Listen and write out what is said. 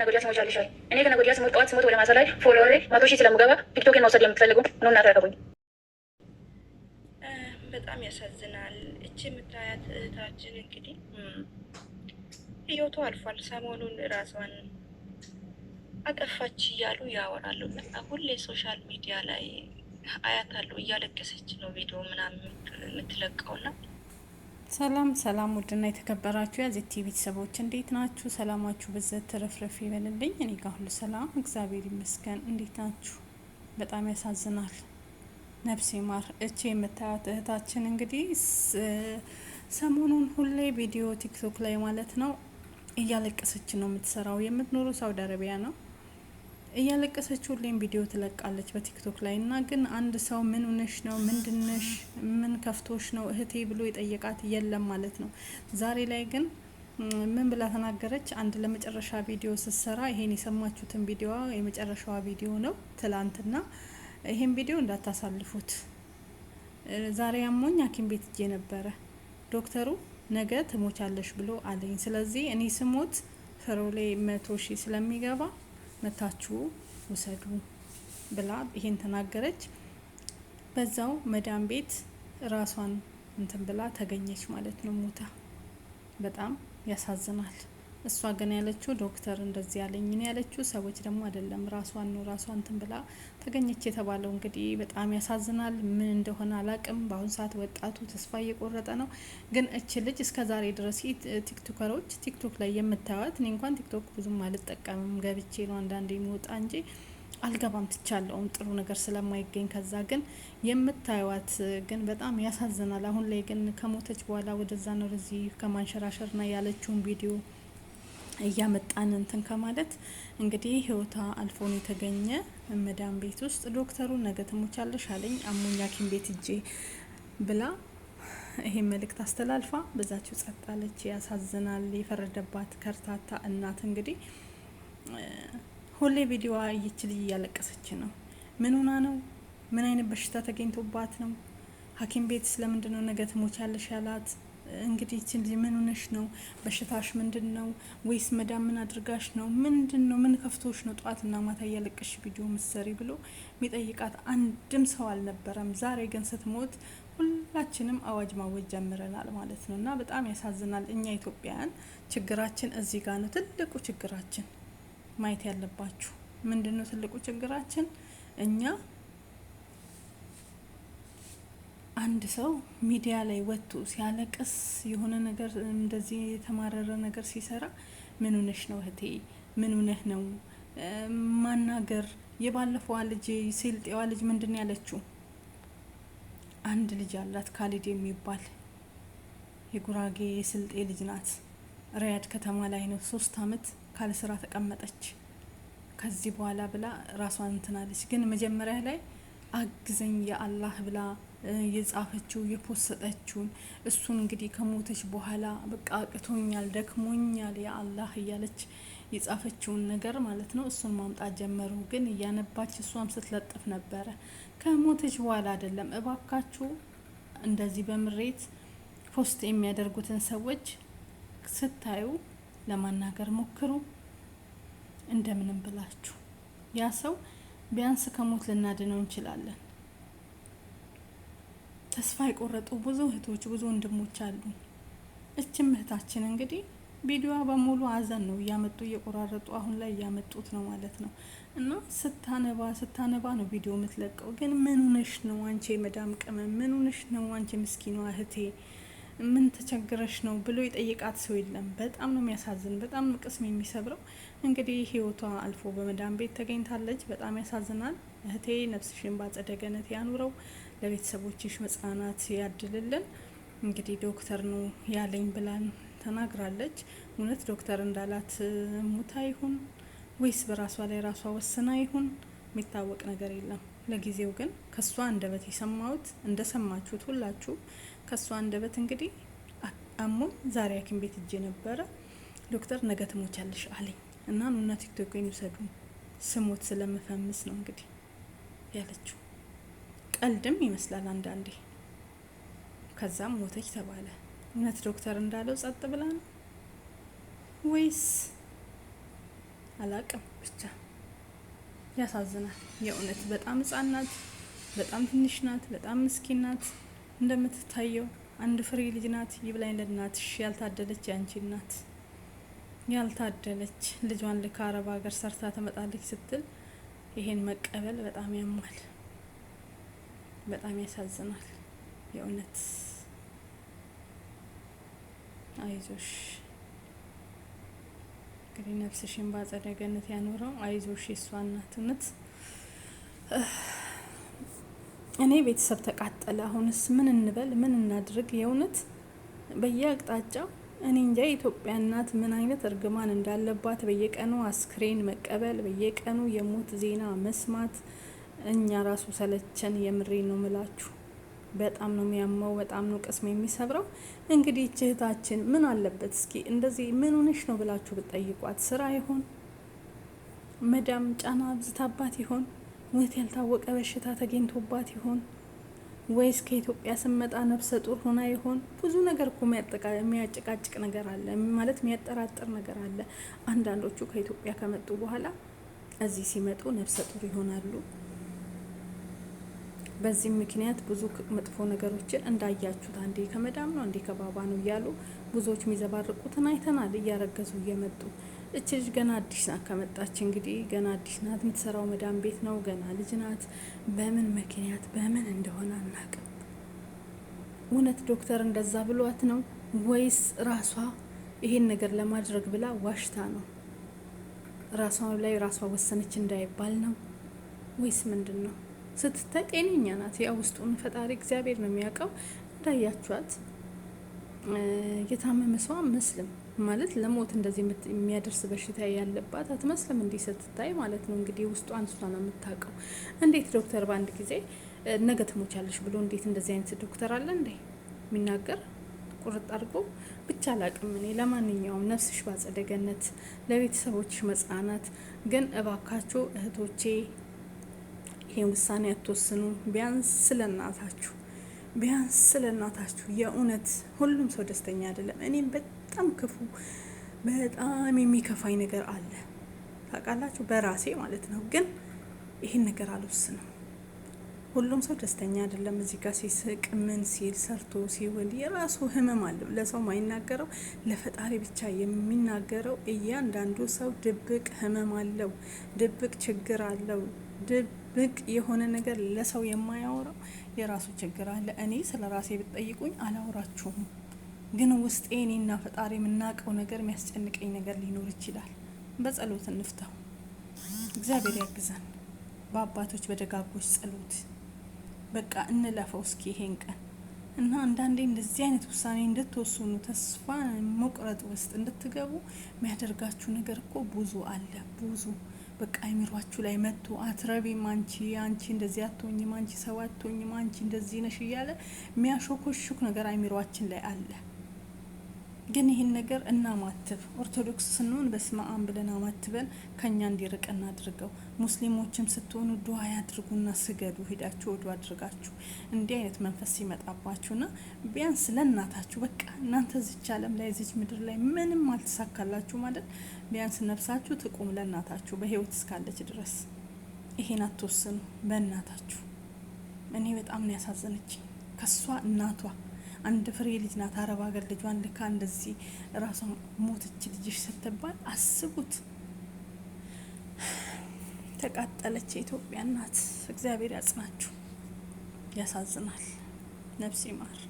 ነገዲያ ስሞች አልሻል እኔ ከነገዲያ ስሞች ጠዋት ስሞት ወደ ማሳ ላይ ፎሎወሬ መቶ ሺህ ስለምገባ ቲክቶክን መውሰድ የምትፈልጉ ነው እና ተረከቡኝ። በጣም ያሳዝናል። እቺ የምታያት እህታችን እንግዲህ ህይወቱ አልፏል። ሰሞኑን ራሷን አጠፋች እያሉ ያወራሉ። ሁሌ ሶሻል ሚዲያ ላይ አያታለሁ። እያለቀሰች ነው ቪዲዮ ምናምን የምትለቀውና ሰላም ሰላም፣ ውድና የተከበራችሁ የዜት ቲቪ ቤተሰቦች እንዴት ናችሁ? ሰላማችሁ በዘት ተረፍረፍ ይበልልኝ። እኔ ጋር ሁሉ ሰላም እግዚአብሔር ይመስገን። እንዴት ናችሁ? በጣም ያሳዝናል። ነፍሴ ማር። እቺ የምታያት እህታችን እንግዲህ ሰሞኑን ሁሌ ቪዲዮ ቲክቶክ ላይ ማለት ነው እያለቀሰች ነው የምትሰራው። የምትኖረው ሳውዲ አረቢያ ነው እያለቀሰች ቪዲዮ ትለቃለች በቲክቶክ ላይ እና ግን አንድ ሰው ምን ነሽ ነው ምንድነሽ ምን ከፍቶሽ ነው እህቴ ብሎ የጠየቃት የለም ማለት ነው። ዛሬ ላይ ግን ምን ብላ ተናገረች? አንድ ለመጨረሻ ቪዲዮ ስትሰራ ይሄን የሰማችሁትን ቪዲዮ የመጨረሻዋ ቪዲዮ ነው ትላንትና። ይሄን ቪዲዮ እንዳታሳልፉት። ዛሬ አሞኝ ሐኪም ቤት እጄ ነበረ ዶክተሩ ነገ ትሞቻለሽ ብሎ አለኝ። ስለዚህ እኔ ስሞት ፍሮሌ መቶ ሺህ ስለሚገባ መታችሁ ውሰዱ ብላ ይሄን ተናገረች። በዛው መዳም ቤት ራሷን እንትን ብላ ተገኘች ማለት ነው ሞታ። በጣም ያሳዝናል። እሷ ግን ያለችው ዶክተር እንደዚህ ያለኝ ነው ያለችው። ሰዎች ደግሞ አይደለም ራሷን ነው ራሷን እንትን ብላ ተገኘች የተባለው። እንግዲህ በጣም ያሳዝናል። ምን እንደሆነ አላቅም። በአሁኑ ሰዓት ወጣቱ ተስፋ እየቆረጠ ነው። ግን እች ልጅ እስከ ዛሬ ድረስ ቲክቶከሮች ቲክቶክ ላይ የምታዩት እኔ እንኳን ቲክቶክ ብዙም አልጠቀምም፣ ገብቼ ነው አንዳንድ የሚወጣ እንጂ አልገባም ትቻለውም ጥሩ ነገር ስለማይገኝ ከዛ ግን የምታዩት ግን በጣም ያሳዝናል። አሁን ላይ ግን ከሞተች በኋላ ወደዛ ነው ወደዚህ ከማንሸራሸርና ያለችውን ቪዲዮ እያመጣን እንትን ከማለት እንግዲህ ህይወቷ አልፎን የተገኘ መዳም ቤት ውስጥ ዶክተሩ ነገ ትሞቻለሽ አለኝ አሞኛኪን ቤት እጄ ብላ ይሄን መልእክት አስተላልፋ በዛችው ጸጥ አለች። ያሳዝናል። የፈረደባት ከርታታ እናት እንግዲህ ሁሌ ቪዲዮዋ እይችል እያለቀሰች ነው። ምን ሆና ነው? ምን አይነት በሽታ ተገኝቶባት ነው? ሐኪም ቤት ስለምንድነው ነገ ትሞቻለሽ ያላት? እንግዲህ ምን ሆነሽ ነው? በሽታሽ ምንድን ነው? ወይስ መዳም ምን አድርጋሽ ነው? ምንድን ነው? ምን ከፍቶሽ ነው ጠዋትና ማታ እያለቀሽ ቪዲዮ ምሰሪ ብሎ የሚጠይቃት አንድም ሰው አልነበረም። ዛሬ ግን ስትሞት ሁላችንም አዋጅ ማወጅ ጀምረናል ማለት ነው። እና በጣም ያሳዝናል። እኛ ኢትዮጵያውያን ችግራችን እዚህ ጋር ነው ትልቁ ችግራችን። ማየት ያለባችሁ ምንድን ነው ትልቁ ችግራችን እኛ አንድ ሰው ሚዲያ ላይ ወጥቶ ሲያለቅስ የሆነ ነገር እንደዚህ የተማረረ ነገር ሲሰራ ምን ሆነሽ ነው እህቴ? ምን ሆነህ ነው ማናገር? የባለፈዋ ልጅ ሴልጤዋ ልጅ ምንድን ያለችው? አንድ ልጅ አላት ካሊድ የሚባል የጉራጌ የስልጤ ልጅ ናት። ሪያድ ከተማ ላይ ነው ሶስት አመት ካለ ስራ ተቀመጠች። ከዚህ በኋላ ብላ ራሷን እንትናለች። ግን መጀመሪያ ላይ አግዘኝ የአላህ ብላ የጻፈችው የፖሰጠችውን እሱን እንግዲህ ከሞተች በኋላ በቃ አቅቶኛል፣ ደክሞኛል የአላህ እያለች የጻፈችውን ነገር ማለት ነው። እሱን ማምጣት ጀመሩ። ግን እያነባች እሷም ስትለጥፍ ነበረ። ከሞተች በኋላ አይደለም። እባካችሁ እንደዚህ በምሬት ፖስት የሚያደርጉትን ሰዎች ስታዩ ለማናገር ሞክሩ። እንደምንም ብላችሁ ያ ሰው ቢያንስ ከሞት ልናድነው እንችላለን። ተስፋ የቆረጡ ብዙ እህቶች ብዙ ወንድሞች አሉ። እችም እህታችን እንግዲህ ቪዲዮዋ በሙሉ ሀዘን ነው እያመጡ እየቆራረጡ አሁን ላይ እያመጡት ነው ማለት ነው። እና ስታነባ ስታነባ ነው ቪዲዮ የምትለቀው። ግን ምን ሆነሽ ነው አንቺ የመዳም ቅመም? ምን ሆነሽ ነው አንቺ ምስኪኗ እህቴ ምን ተቸግረሽ ነው ብሎ የጠየቃት ሰው የለም። በጣም ነው የሚያሳዝን፣ በጣም ቅስም የሚሰብረው እንግዲህ ህይወቷ አልፎ በመዳን ቤት ተገኝታለች። በጣም ያሳዝናል። እህቴ ነፍስሽን ባጸደ ገነት ያኑረው፣ ለቤተሰቦችሽ መጽናናት ያድልልን። እንግዲህ ዶክተር ነው ያለኝ ብላን ተናግራለች። እውነት ዶክተር እንዳላት ሙታ ይሁን ወይስ በራሷ ላይ ራሷ ወስና ይሁን? የሚታወቅ ነገር የለም። ለጊዜው ግን ከእሷ አንደበት የሰማሁት እንደሰማችሁት ሁላችሁ ከእሷ አንደበት እንግዲህ አሞኝ ዛሬ ሐኪም ቤት እጄ ነበረ ዶክተር ነገ ትሞቻለሽ አለኝ እና ኑና ቲክቶክ ይውሰዱ ስሞት ስለምፈምስ ነው እንግዲህ ያለችው። ቀልድም ይመስላል አንዳንዴ። ከዛም ሞተች ተባለ። እውነት ዶክተር እንዳለው ጸጥ ብላ ነው ወይስ አላቅም ብቻ ያሳዝናል። የእውነት በጣም ሕጻን ናት፣ በጣም ትንሽ ናት፣ በጣም ምስኪን ናት። እንደምትታየው አንድ ፍሬ ልጅ ናት። ይብላኝ ለእናትሽ ያልታደለች ያንቺ ናት። ያልታደለች ልጇን ልካ አረብ ሀገር ሰርታ ትመጣለች ስትል ይሄን መቀበል በጣም ያሟል፣ በጣም ያሳዝናል። የእውነት አይዞሽ። እንግዲህ ነፍስሽን በአጸደ ገነት ያኖረው። አይዞሽ የሷ እናት እውነት። እኔ ቤተሰብ ተቃጠለ። አሁንስ ምን እንበል? ምን እናድርግ? የእውነት በየአቅጣጫው እኔ እንጃ። የኢትዮጵያ እናት ምን አይነት እርግማን እንዳለባት በየቀኑ አስክሬን መቀበል፣ በየቀኑ የሞት ዜና መስማት እኛ ራሱ ሰለቸን። የምሬ ነው ምላችሁ በጣም ነው የሚያመው፣ በጣም ነው ቅስም የሚሰብረው። እንግዲህ እህታችን ምን አለበት እስኪ እንደዚህ ምን ሆነሽ ነው ብላችሁ ብጠይቋት፣ ስራ ይሆን መዳም ጫና አብዝታባት ይሆን ወይስ ያልታወቀ በሽታ ተገኝቶባት ይሆን ወይስ ከኢትዮጵያ ስመጣ ነፍሰ ጡር ሆና ይሆን? ብዙ ነገር እኮ የሚያጨቃጭቅ ነገር አለ ማለት የሚያጠራጥር ነገር አለ። አንዳንዶቹ ከኢትዮጵያ ከመጡ በኋላ እዚህ ሲመጡ ነፍሰ ጡር ይሆናሉ። በዚህ ምክንያት ብዙ መጥፎ ነገሮችን እንዳያችሁት አንዴ ከመዳም ነው አንዴ ከባባ ነው እያሉ ብዙዎች የሚዘባርቁትን አይተናል። እያረገዙ እየመጡ እች ልጅ ገና አዲስ ናት። ከመጣች እንግዲህ ገና አዲስ ናት። የምትሰራው መዳም ቤት ነው። ገና ልጅ ናት። በምን ምክንያት በምን እንደሆነ አናቅም። እውነት ዶክተር እንደዛ ብሏት ነው ወይስ ራሷ ይሄን ነገር ለማድረግ ብላ ዋሽታ ነው? ራሷ ላይ ራሷ ወሰነች እንዳይባል ነው ወይስ ምንድን ነው? ስትታይ ጤነኛ ናት። ያ ውስጡን ፈጣሪ እግዚአብሔር ነው የሚያውቀው። እንዳያችኋት የታመመ ሰው አመስልም ማለት ለሞት እንደዚህ የሚያደርስ በሽታ ያለባት አትመስልም። እንዲህ ስትታይ ማለት ነው እንግዲህ ውስጧን እሷ ነው የምታውቀው። እንዴት ዶክተር በአንድ ጊዜ ነገ ትሞቻለሽ ብሎ እንዴት እንደዚህ አይነት ዶክተር አለ እንዴ የሚናገር ቁርጥ አድርጎ ብቻ አላቅም እኔ። ለማንኛውም ነፍስሽ ባጸደገነት ለቤተሰቦች መጽናናት። ግን እባካችሁ እህቶቼ ይህን ውሳኔ አትወስኑ። ቢያንስ ስለ ቢያንስ ስለ የእውነት ሁሉም ሰው ደስተኛ አይደለም። እኔም በጣም ክፉ በጣም የሚከፋኝ ነገር አለ ታውቃላችሁ፣ በራሴ ማለት ነው። ግን ይህን ነገር አልወስንም። ሁሉም ሰው ደስተኛ አይደለም። እዚህ ጋር ሲስቅ ምን ሲል ሰርቶ ሲውል የራሱ ህመም አለው። ለሰው ማይናገረው ለፈጣሪ ብቻ የሚናገረው እያንዳንዱ ሰው ድብቅ ህመም አለው፣ ድብቅ ችግር አለው፣ ድብቅ የሆነ ነገር ለሰው የማያወራው የራሱ ችግር አለ። እኔ ስለ ራሴ ብትጠይቁኝ አላወራችሁም፣ ግን ውስጤ እኔና ፈጣሪ የምናውቀው ነገር የሚያስጨንቀኝ ነገር ሊኖር ይችላል። በጸሎት እንፍታው። እግዚአብሔር ያግዘን በአባቶች በደጋጎች ጸሎት በቃ እንለፈው እስኪ ይሄን ቀን እና አንዳንዴ እንደዚህ አይነት ውሳኔ እንድትወስኑ ተስፋ መቁረጥ ውስጥ እንድትገቡ የሚያደርጋችሁ ነገር እኮ ብዙ አለ። ብዙ በቃ አይምሯችሁ ላይ መጥቶ አትረቢም፣ አንቺ አንቺ እንደዚህ አትሆኝም፣ አንቺ ሰው አትሆኝም፣ አንቺ እንደዚህ ነሽ እያለ የሚያሾኮሹክ ነገር አይምሯችን ላይ አለ። ግን ይህን ነገር እናማትብ። ኦርቶዶክስ ስንሆን በስመ አብ ብለን አማትበን ከኛ እንዲርቅ እናድርገው። ሙስሊሞችም ስትሆኑ ዱዓ ያድርጉና ስገዱ ሄዳችሁ ወዱ አድርጋችሁ። እንዲህ አይነት መንፈስ ሲመጣባችሁና ቢያንስ ለእናታችሁ በቃ እናንተ እዚች ዓለም ላይ እዚች ምድር ላይ ምንም አልተሳካላችሁ ማለት ቢያንስ ነፍሳችሁ ትቁም ለእናታችሁ በህይወት እስካለች ድረስ። ይሄን አትወስኑ በእናታችሁ። እኔ በጣም ነው ያሳዘነችኝ ከሷ እናቷ አንድ ፍሬ ልጅ ናት። አረብ ሀገር ልጇን ልካ እንደዚህ ራሷ ሞተች ልጅሽ ስትባል አስቡት። ተቃጠለች የኢትዮጵያ እናት። እግዚአብሔር ያጽናችሁ። ያሳዝናል። ነፍስ ይማር።